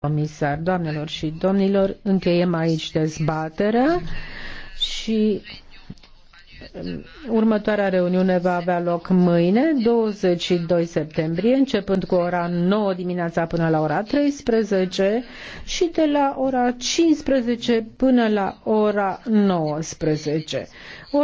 comisar, doamnelor și domnilor, încheiem aici dezbaterea și um, următoarea reuniune va avea loc mâine, 22 septembrie, începând cu ora 9 dimineața până la ora 13 și de la ora 15 până la ora 19.